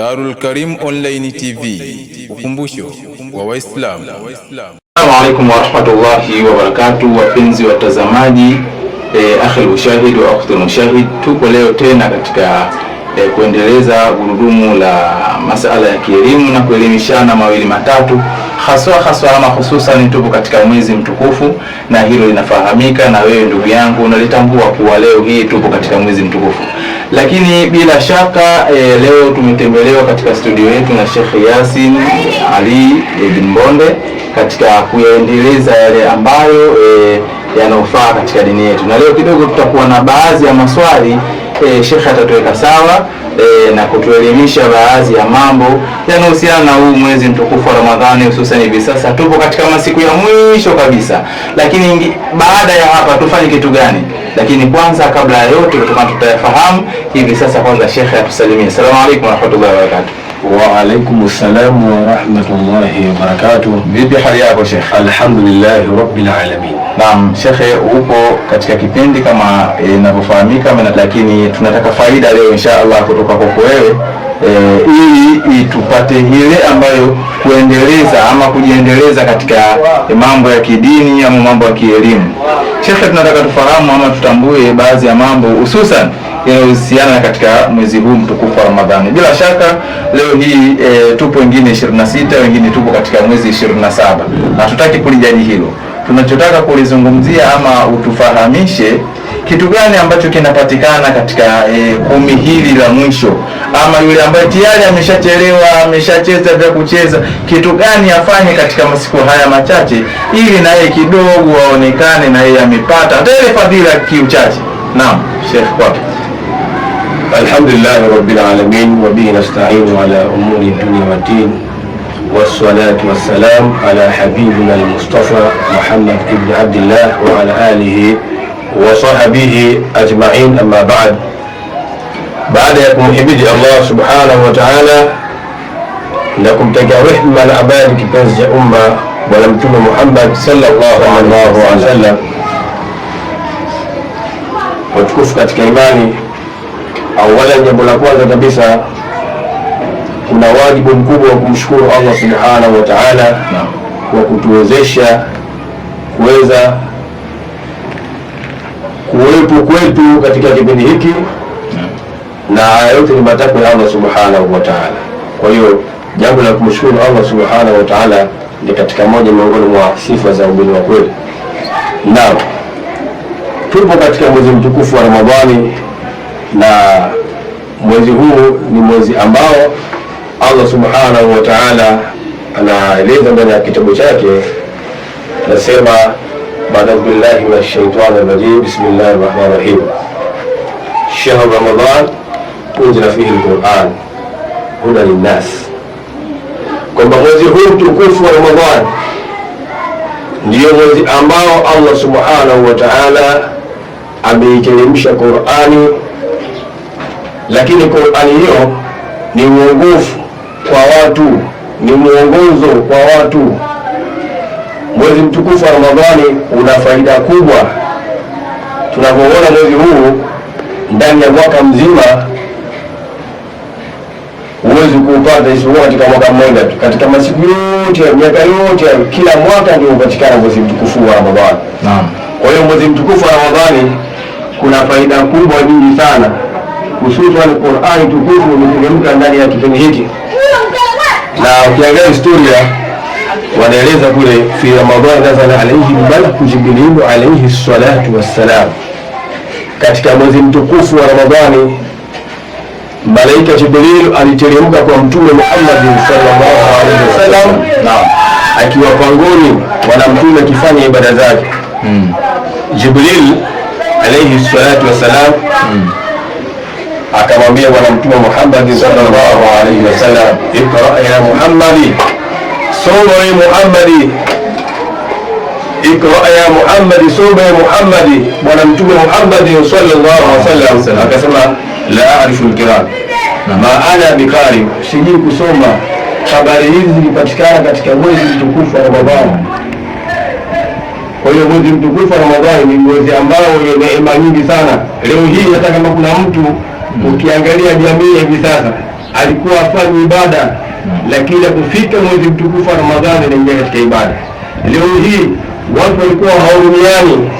Darul Karim Online TV, ukumbusho wa Waislamu. Assalamu alaykum warahmatullahi barakatuh, wapenzi watazamaji, eh, akhil mushahid wa akhtul mushahid, tuko leo tena katika eh, kuendeleza gurudumu la masala ya kielimu na kuelimishana mawili matatu haswa haswa ama hususan, tupo katika mwezi mtukufu, na hilo linafahamika na wewe ndugu yangu unalitambua kuwa leo hii tupo katika mwezi mtukufu lakini bila shaka e, leo tumetembelewa katika studio yetu na Sheikh Yasin Ali Ibn Mbonde katika kuyaendeleza yale ambayo e, yanayofaa katika dini yetu, na leo kidogo tutakuwa na baadhi ya maswali e, Sheikh atatuweka sawa e, na kutuelimisha baadhi ya mambo yanayohusiana na huu mwezi mtukufu wa Ramadhani, hususan hivi sasa tupo katika masiku ya mwisho kabisa. Lakini baada ya hapa tufanye kitu gani? Lakini kwanza kabla ya yote, kutokana tutayafahamu hivi sasa, kwanza shekhe atusalimie. Assalamu alaykum warahmatullahi wabarakatuh. Wa alaykum assalam wa rahmatullahi wa Vipi hali yako shekhe? Alhamdulillah rabbil alamin. Naam, shekhe, upo katika kipindi kama e, inavyofahamika, lakini tunataka faida leo allah kutoka kwako wewe E, ili tupate ile ambayo kuendeleza ama kujiendeleza katika mambo ya kidini ama mambo ya kielimu. Sasa tunataka tufahamu ama tutambue baadhi ya mambo hususan yanayohusiana katika mwezi huu mtukufu wa Ramadhani. Bila shaka leo hii e, tupo wengine 26, wengine tupo katika mwezi 27. Hatutaki kulijadili hilo. Tunachotaka kulizungumzia ama utufahamishe kitu gani ambacho kinapatikana katika e, kumi hili la mwisho, ama yule ambaye tayari ameshachelewa ameshacheza vya kucheza, kitu gani afanye katika masiku haya machache, ili na yeye kidogo aonekane na yeye amepata hata ile fadhila kiuchache? Naam, Sheikh kwa Alhamdulillahi rabbil alamin wa bihi nasta'inu ala umuri dunya wa din wassalatu wassalam ala habibina al-Mustafa Muhammad ibn Abdullah wa ala alihi wa sahbihi ajma'in, amma ba'd. Baada ya kumhimidi Allah subhanahu wa ta'ala na kumtakia rehma na amani kipenzi cha umma bwana Mtume Muhammad sallallahu alaihi wasallam, watukufu katika imani, awala, jambo la kwanza kabisa kuna wajibu mkubwa wa kumshukuru Allah subhanahu wa ta'ala kwa kutuwezesha kuweza kuwepo kwetu katika kipindi hiki, hmm. na haya yote ni matakwa ya Allah subhanahu wa ta'ala. Kwa hiyo jambo la kumshukuru Allah subhanahu wa ta'ala ni katika moja miongoni mwa sifa za ubini wa kweli. na tupo katika mwezi mtukufu wa Ramadhani na mwezi huu ni mwezi ambao Allah subhanahu wa ta'ala anaeleza ndani ya kitabu chake, anasema Baadhu billahi min shaitani rajim. Bismillahi rahmani rahim. Shahru Ramadan unzila fihi lquran huda linnas, kwamba mwezi huu mtukufu wa Ramadhan ndiyo mwezi ambao Allah subhanahu wa taala ameiteremsha Qurani, lakini Qurani hiyo ni mwongofu kwa watu, ni mwongozo kwa watu Mwezi mtukufu wa Ramadhani una faida kubwa. Tunavyoona mwezi huu ndani ya mwaka mzima huwezi kuupata isipokuwa katika mwaka mmoja tu, katika masiku yote miaka yote, kila mwaka ndio upatikana mwezi mtukufu wa Ramadhani. Naam. Kwa hiyo mwezi mtukufu wa Ramadhani kuna faida kubwa nyingi sana, hususan Qur'ani tukufu imeteremka ndani ya kipindi hiki, na ukiangalia historia wanaeleza kule fi ramadhani nazala alaihi bal kujibililu alaihi salatu wassalam, katika mwezi mtukufu wa Ramadhani malaika Jibril aliteremka kwa Mtume Muhammad sallallahu alaihi wasallam akiwa pangoni, wana mtume akifanya ibada zake mm. Jibril alaihi salatu wassalam mm. akamwambia bwana Mtume Muhammad sallallahu alaihi wasallam, ikra ya Muhammadi Soma Muhammadi, ikra ya Muhammadi, soma Muhammadi. Bwana Mtume Muhammadi sallallahu alaihi wasallam akasema, la arifu alqiraa ma ana sijui kusoma. Habari hizi zilipatikana katika mwezi mtukufu wa Ramadhani. Kwa hiyo mwezi mtukufu wa Ramadhani ni mwezi ambao wenye neema nyingi sana. Leo hii hata kama kuna mtu ukiangalia jamii hivi sasa alikuwa afanye ibada lakini la kufika mwezi mtukufu wa Ramadhani inaingia katika ibada. Leo hii watu walikuwa haurumiani